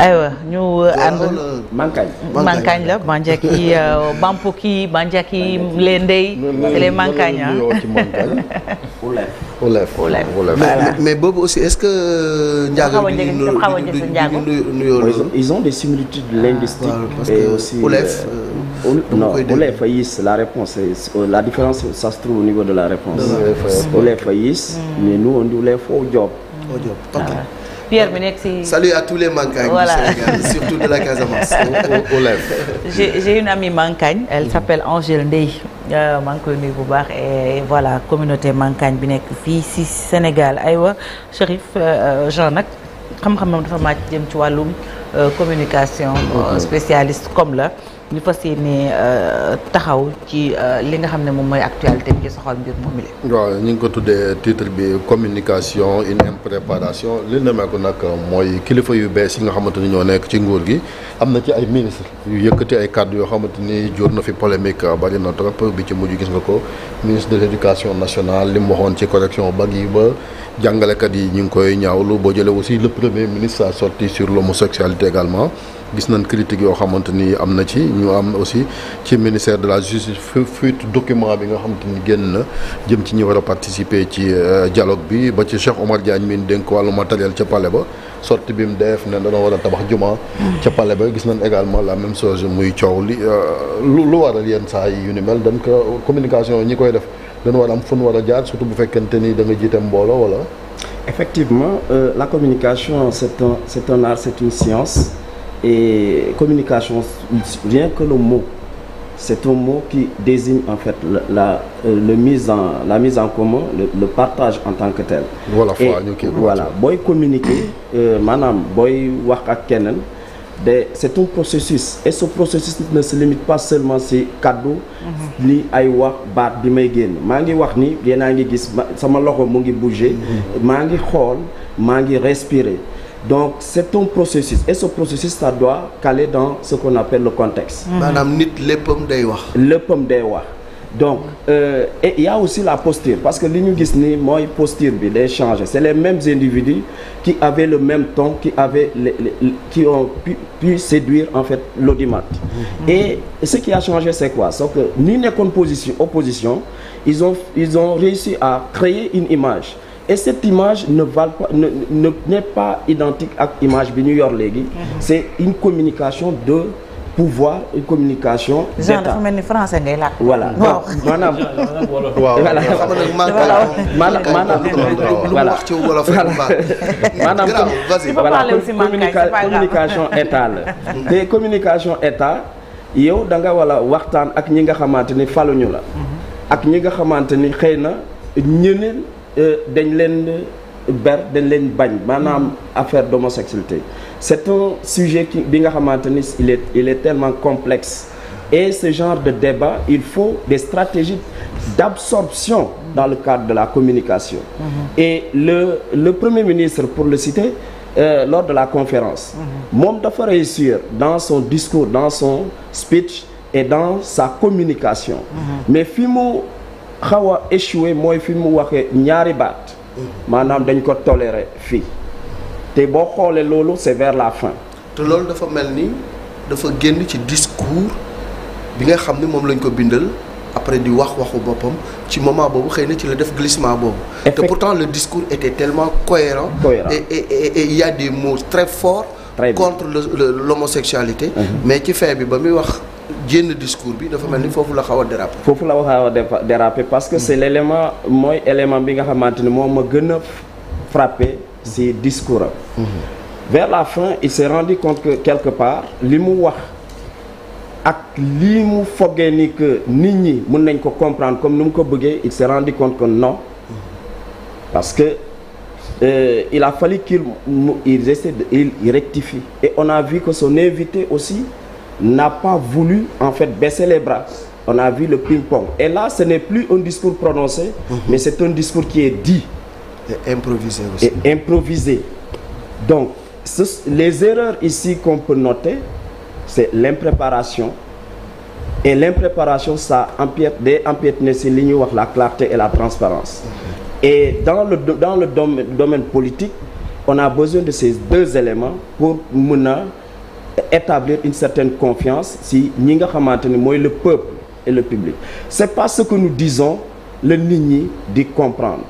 aywa ñu ànd mankañ mankañ la banjaki euh, bampuki banjaki le ndey c'est les mankañ ulef ulef mais boobu aussi est-ce que euh, njaago bi ñu nuyoo ils ont des similitudes ah, linguistiques et aussi ulef euh, non ulef ayis la réponse la différence ça se trouve au niveau de la réponse ulef ayis mm. mais nous on dit ulef au job au job Pierre bi nekk si. salut à tous les mancagne voilà. du Sénégal une amie mancagne elle mhm. s'appelle Angèle Ndeye euh, maa ngi koy bu baax e voilà communauté mancagne bi nekk fii si Sénégal ay aywa Chérif euh, euh, Jean nag xam-xamam dafa màcc jëm ci wàllum communication. spécialiste comme la. ñu fas yéene euh, taxaw ci euh, li nga xam ne moom mooy actualité bi ci soxal mbir moomu la. waaw ñu ngi ko tuddee titre bi communication une impréparation li nemeeku nag mooy kilifa yu bees yi nga xamante ni ñoo nekk ci nguur gi am na ci ay ministre yu yëkkati ay kàddu yoo xamante ni jur na fi polémique bari na trop bi ci mujj gis nga ko ministre de l'éducation nationale li mu waxoon ci correction ba yi ba jàngalekat yi ñu ngi koy ñaawlu boo jëlee aussi le premier ministre a sorti sur l'homosexualité également. gis nañ critique yoo xamante ni am na ci ñu am aussi ci ministère de la justice fuite document bi nga xamante ni génn na jëm ci ñi war a participer ci euh, dialogue bi ba ci Cheikh Omar Diagne mi dénk wàllu matériel ca pale ba sorti bi mu def ne dana war a tabax juma. ca pale ba gis nañ également la même chose muy coow li euh, lu waral yenn saa yi yu ni mel dañ ko euh, communication ñi koy def dañ war a am fu nu war a jaar surtout bu fekkente ni da nga jiite mbooloo wala. effectivement la communication c'est un c'est un art c'est une et communication rien que le mo c'est un mot qui désigne en fait la, la euh, le mise en la mise en commun le, le partage en tant que tel voilà et voilà booy communiquer euh, maanaam booy wax ak keneen de c'est un processus et ce processus ne se limite pas seulement si kaddu ni mhm. ay wax baat bi may génn maa ngi wax ni yéen a ngi gis sama loxo mu ngi bouger mhm. maa ngi xool maa ngi respire donc c'est un processus et ce processus ça doit caler dans ce qu'on appelle le contexte. Mm-hmm. maanaam nit léppam day wax. léppam day wax donc euh, et il y a aussi la posture parce que li ñu gis ni mooy posture bi day changer c'est les mêmes individus qui avaient le même ton qui avaient les, les qui ont pu, séduire en fait l'audimat mm-hmm. et ce qui a changé c'est quoi c'est que ñu nekkoon position opposition ils ont ils ont réussi à créer une image. et cette image ne valent pas ne ne n'est pas identique ak image bi ñu yor léegi. Mhm. c'est une communication de pouvoir communication. d'état genre dafa mel ni français ngay làkk. communication état la yow da nga wala waxtaan ak ñi nga xamante ni faluñu la. Mhm. ak ñi nga xamante ni xëy na ñeneen. Euh, dañ leen ber dañ leen bañ maanaam affaire d'homosexualité c'est un sujet qui bi nga xamante ni il est il est tellement complexe et ce genre de débat il faut des stratégies d'absorption dans le cadre de la communication mm-hmm. et le le Premier ministre pour le citer euh, lors de la conférence mm-hmm. moom dafa réussir dans son discours dans son speech et dans sa communication mm-hmm. mais fi xaw a échoué mooy fi mu waxee ñaari baat maanaam dañ ko toléré fii te boo xoolee loolu c'est vers la fin te loolu dafa mel ni dafa génn ci discours bi nga xam ne moom lañ ko bindal après di wax waxu boppam ci moment boobu xëy na ci la def glissement boobu te pourtant le discours était tellement cohérent, cohérent. Et, et, et, et il y a des mots très forts le l'homosexualité mm -hmm. mais ci fin bi ba muy wax génn discours bi dafa mel ni foofu la xaw a déraper. foofu la xaw a déraper parce que c'est l'élément mooy élément bi nga xamante ni moom ma gën a frappé si discours am. Mhm. vers la fin il s'est rendu compte quelque part li mu wax ak li mu fogee ni que nit ñi mën nañ ko comprendre comme ni mu ko bëggee il s'est rendu compte que mhm. parce que euh, il a fallu qu'il il rectifie et on a vu que son invité aussi n'a pas voulu en fait baisser les bras. On a vu le ping-pong. Et là, ce n'est plus un discours prononcé, mmh. mais c'est un discours qui est dit. Et improvisé aussi. Et improvisé. Donc, ce, les erreurs ici qu'on peut noter, c'est l'impréparation. Et l'impréparation, ça empiète, des empiètements, c'est la clarté et la transparence. Et dans le, dans le domaine, domaine politique, on a besoin de ces deux éléments pour mener établir une certaine confiance si ñi nga xamante ni mooy le peuple et le public c'est pas ce que nous disons la nit ñi di comprendre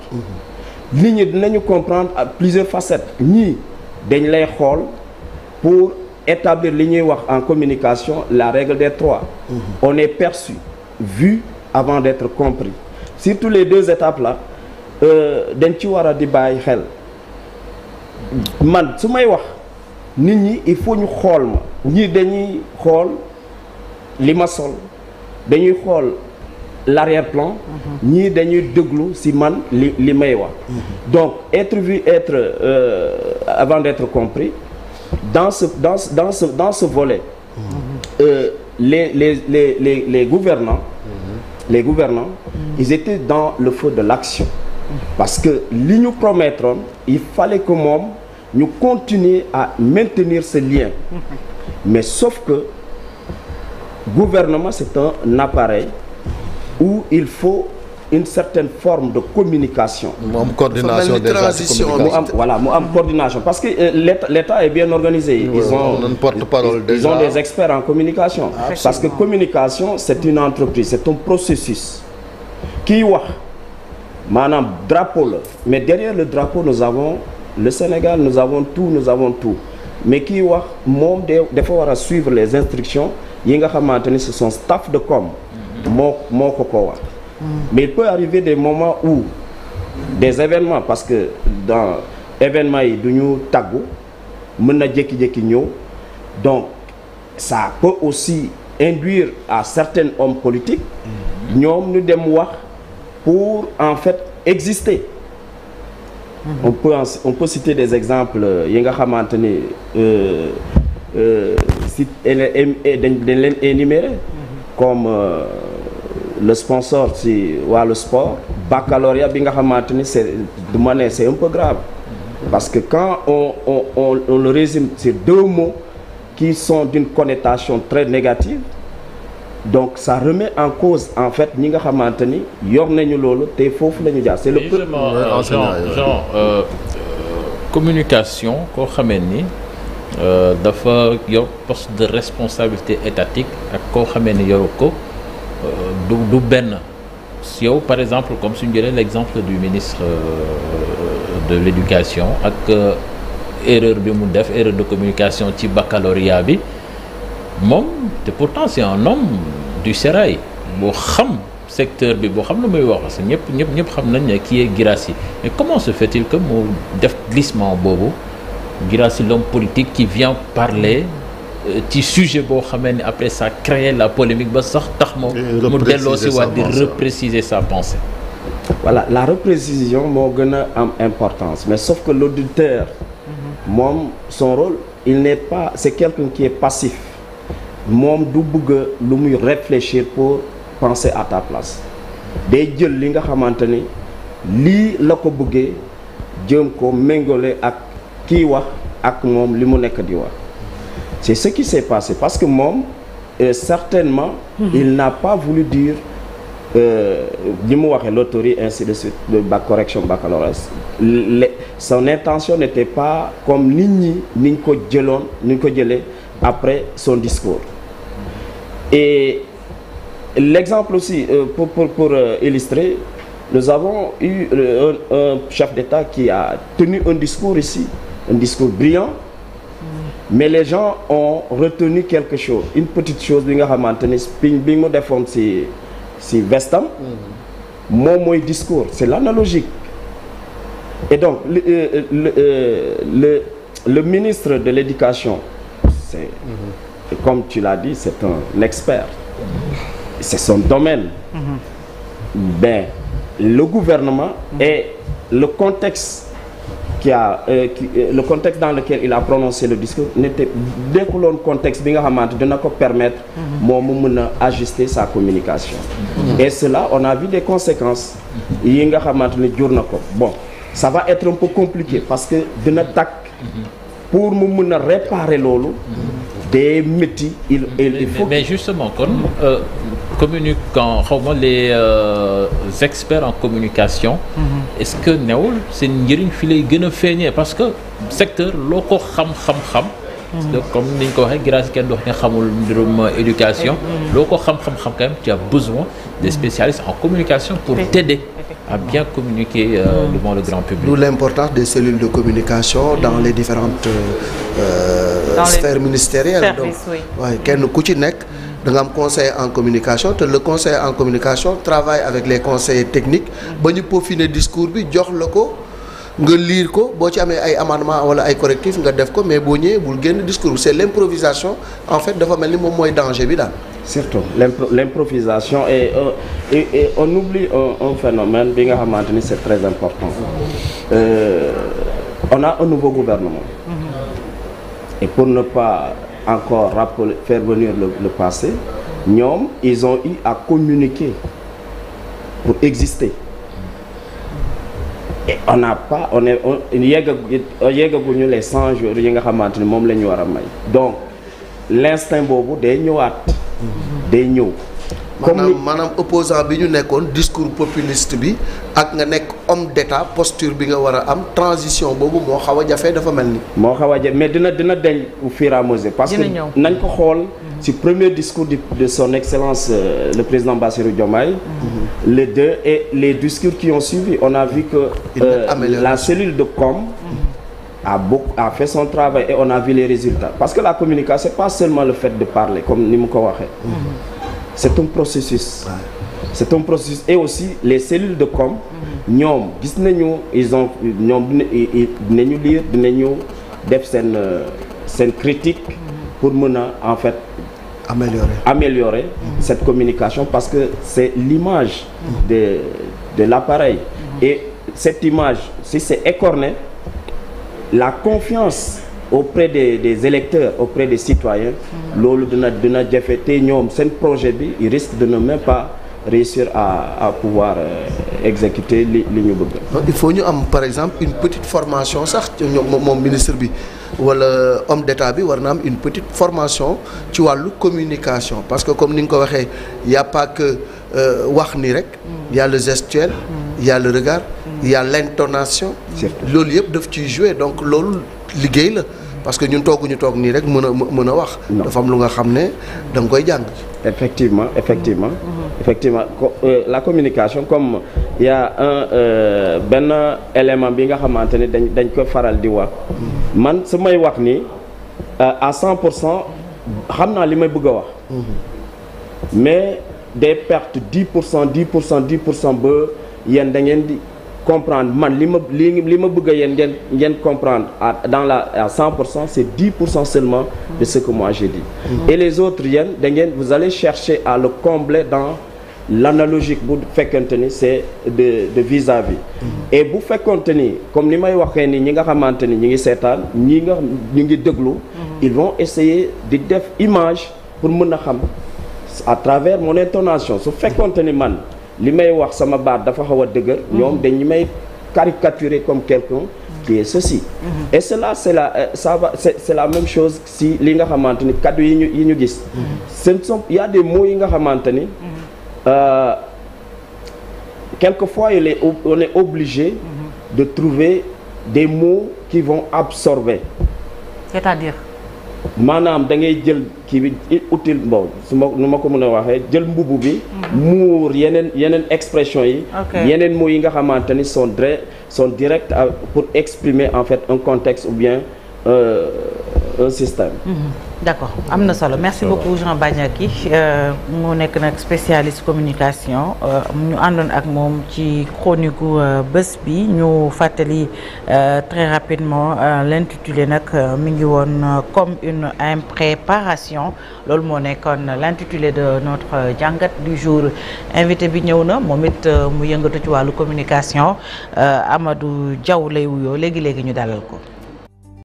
nit ñi dinañu comprendre à plusieurs facettes ñii dañ lay xool pour établir li ñuy wax en communication la règle des trois mmh. on est perçu vu avant d'être compris surtout les deux étapes là euh, dañ ci war a di bàyyi xel man su may wax nit ñi il faut ñu xool ma ñii dañuy xool li ma sol dañuy xool l'arrière-plan mhm. ñii dañuy déglu si man li li may wax mhm. donc être vu être euh, avant d'être compris dans ce dans dans ce dans volet mhm. euh, les les les les les gouvernants les gouvernants ils étaient dans le feu de l'action parce que li ñu promettoon il fallait que moom ñu continuer à maintenir ce lien mais sauf que gouvernement c'est un appareil où il faut une certaine forme de communication. mu am coordination déjà ci communication mu am voilà mu am coordination parce que euh, l'état l'état est bien organisé. ils ont un porte-parole déjà ils ont des experts en communication. parce que communication c'est une entreprise c'est un processus. kiy wax maanaam drapeau la mais derrière le drapeau nous avons. le Sénégal nous avons tout nous avons tout mais kii wax moom de dafa war a suivre les instructions yi nga xamante ni c'est son staff de com moo moo ko ko wax mais il arriver des moments ou des événements parce que dans événements yi du ñu tàggu mën na jékki-jékki ñëw donc ça peut aussi induire à certains hommes politiques mm-hmm. ñoom ñu dem wax pour en fait exister on peut en, on peut citer des exemples euh, yi nga xamante ni euh, euh, si e, dañ dañ leen énumérer comme euh, le sponsor si wàllu sport baccalauréat bi nga xamante ni c'est du un peu grave parce que quand on on on, le résume c'est deux mots qui sont d'une connotation très négative donc ça remet en cause en fait ñi nga xamante ni yor nañu loolu te foofu la ñu jaar c'est le justement euh, genre, genre euh, euh, communication koo xamee ni euh, dafa yor poste de responsabilité étatique ak koo xamee ni yoru ko euh, du du benn si yow par exemple comme suñu jëlee l'exemple du ministre de l'éducation ak erreur bi mu def erreur de communication ci baccalauréat bi moom te pourtant c'est un homme du sérail boo xam secteur bi boo xam ne muy wax parce que ñëpp ñëpp ñëpp xam nañ ne kii est Guirassy mais comment se fait-il que mu def glissement boobu Guirassy l'homme politique qui vient parler euh, ci sujet boo xamee ne après ça créer la polémique ba sax tax moom mu delloo si waat di repréciser sa pensée voilà la reprécision moo gën a am importance mais sauf que l'auditeur mm-hmm. moom son rôle il n'est pas c'est quelqu'un qui est passif moom du bëgg lu muy réfléchir pour penser à ta place day jël li nga xamante ni lii la ko buggee jëm ko méngale ak kiy wax ak moom li mu nekk di wax c'est ce qui s'est passé parce que moom euh, certainement mhm. il n'a pas voulu dire li euh, mu waxee loterie ainsi de suite de bac correction baccalauréat son intention n'était pas comme nit ñi ni ko jëloon ni ko jëlee après son discours Et l'exemple aussi, euh, pour, pour, pour, euh, illustrer, nous avons eu euh, un, un chef d'État qui a tenu un discours ici, un discours brillant, mais les gens ont retenu quelque chose une petite chose bi nga xamante ni bi mu defoon ci ci vestam moom mooy discours c'est l'analogique et donc le le le, le, le ministre de l'éducation c'est mm-hmm. Et comme tu l'as dit, c'est un expert. C'est son domaine. Ben, le gouvernement et le contexte qui a euh, euh, le contexte dans lequel il a prononcé le discours n'était découloon contexte bi nga xamante dina ko permettre moo mu mën ajuster sa communication et cela on a vu des conséquences yi nga xamante ne jur na ko bon va être un peu compliqué parce que dina tàkk pour mu réparer loolu day métti il il faut mais justement kon euh, communicant xaw les euh, experts en communication mm est-ce que newul seen njëriñ fi lay gën a feeñee parce que secteur loo ko xam-xam-xam mhm. comme ni ñu ko waxee grâce kenn du xamul mbirum euh, éducation mhm. loo ko xam-xam-xam quand même tu as besoin des mhm. spécialistes en communication pour t'aider à bien communiquer euh, devant le grand public. D'où l'importance des cellules de communication dans les différentes euh, euh dans sphères les donc waaye kenn ku ci nekk. Mm. da nga am conseil en communication te le conseil en communication travaille avec les conseillers techniques. ba ñu peaufiner discours bi jox la ko. nga liir ko boo ci amee ay amendement wala ay correctif nga def ko mais boo ñëwee bul génn discours c'est l'improvisation en fait dafa mel ni moom mooy danger bi daal. surtout l'improvisation et, et, euh, et on oublie un, un phénomène bi nga xamante ni c'est très important euh, on a un nouveau gouvernement mm-hmm. et pour ne pas encore rappeler faire venir le, le passé ñoom ils ont eu à communiquer pour exister et on n'a pas on est on yeggagu yeggaguñu les 100 jours yi nga xamante ni moom la ñu war a may donc l'instinct boobu day ñëwaat day ñëw. comme maanaam opposant bi ñu nekkoon discours populiste bi ak nga nekk homme d'état posture bi nga war a am transition boobu moo xaw a jafe dafa mel ni. moo xaw a jafe mais dina dina deñ au fur et à mesure parce que nañ ko xool mhm. ci premier discours de, de son excellence euh, le président Bassirou Diomaye. Mm-hmm. les deux les discours qui ont suivi on a vu que. Euh, la cellule de com. a, beaucoup, a fait son travail et on a vu les résultats parce que la communication c'est pas seulement le fait de parler comme ni mu ko waxee c'est un processus c'est un processus et aussi les cellules de com ñoom gis nañu ils ont ñoom dinañu lire dinañu def seen seen critique pour mën a en fait améliorer améliorer mmh. cette communication parce que c'est l'image de de l'appareil et cette image si c'est écorné la confiance auprès des des électeurs auprès des citoyens loolu dina dina jafe te ñoom seen projet bi il risque de ne même pas réussir à à pouvoir euh, exécuter li li ñu bëgg. il faut ñu am par exemple une petite formation sax ñoom moom ministre bi walla homme d'État bi war na am une petite formation ci wàllu communication parce que comme ni nga ko waxee y a pas que euh, wax ni rek. yàlla a le gestuel. y regard. il y a l'intonation loolu yëpp daf ciy jouer donc loolu liggéey la parce que ñun tooguñu toog nii rek mën a mën a wax dafa lu nga xam ne da nga koy jàng effectivement effectivement effectivement euh, la communication comme il a un euh, benn élément bi nga xamante ni dañ dañ ko faral di wax man su may wax nii euh, à cent pour cent xam naa li may bëgg a wax mhm. mais de pertes dix pour cent dix pour cent dix pour cent ba yéen da di comprendre man li ma li li ma bëgg a yéen ngeen ngeen comprendre à dans la à 100 pour cent c'est 10 pour cent seulement de ce que moi j'ai dit et les autres yéen da ngeen vous allez chercher à le combler dans l'analogique bu fekkente ni c'est de de vis-à-vis et bu fekkonte ni comme ni may waxee ni ñi nga xamante ni ñi ngi seetaan ñi nga ñu ngi déglu ils vont essayer di def image pour mën a xam à travers mon intonation su fekkonte ni man li may wax sama baat dafa xaw a dëgër ñoom dañ mm-hmm. dañu may caricaturer comme quelqu'un qui est ceci mm-hmm. et cela c'est la euh, ça va c'est la même chose si li nga xamante ni kaddu yi ñu yi ñu gis mm-hmm. ce sont il y a des mots yi nga xamante ni euh, quelquefois il est on est de trouver des mots qui vont absorber c'est-à-dire maanaam da ngay jël kii bi utile mbow su ma nu ma ko mën a waxee jël mbubu bi muur yeneen yeneen expression yi yeneen mots yi nga xamante ni sont dre sont directs pour exprimer en fait un contexte ou bien euh, un système mhm. d' accord am na solo merci beaucoup Jean Bagnaki euh, mu nekk nag spécialiste communication euh, ñu àndoon ak moom ci chronique gu euh, bi ñu fàttali très rapidement l' intitulé nag ngi woon comme une impréparation loolu moo nekkoon l'intitulé de notre jàngat du jour invité bi ñëw na moom it euh, mu yëngatu ci wàllu communication euh, Amadou Diaw lay wuyoo léegi léegi ñu dalal ko.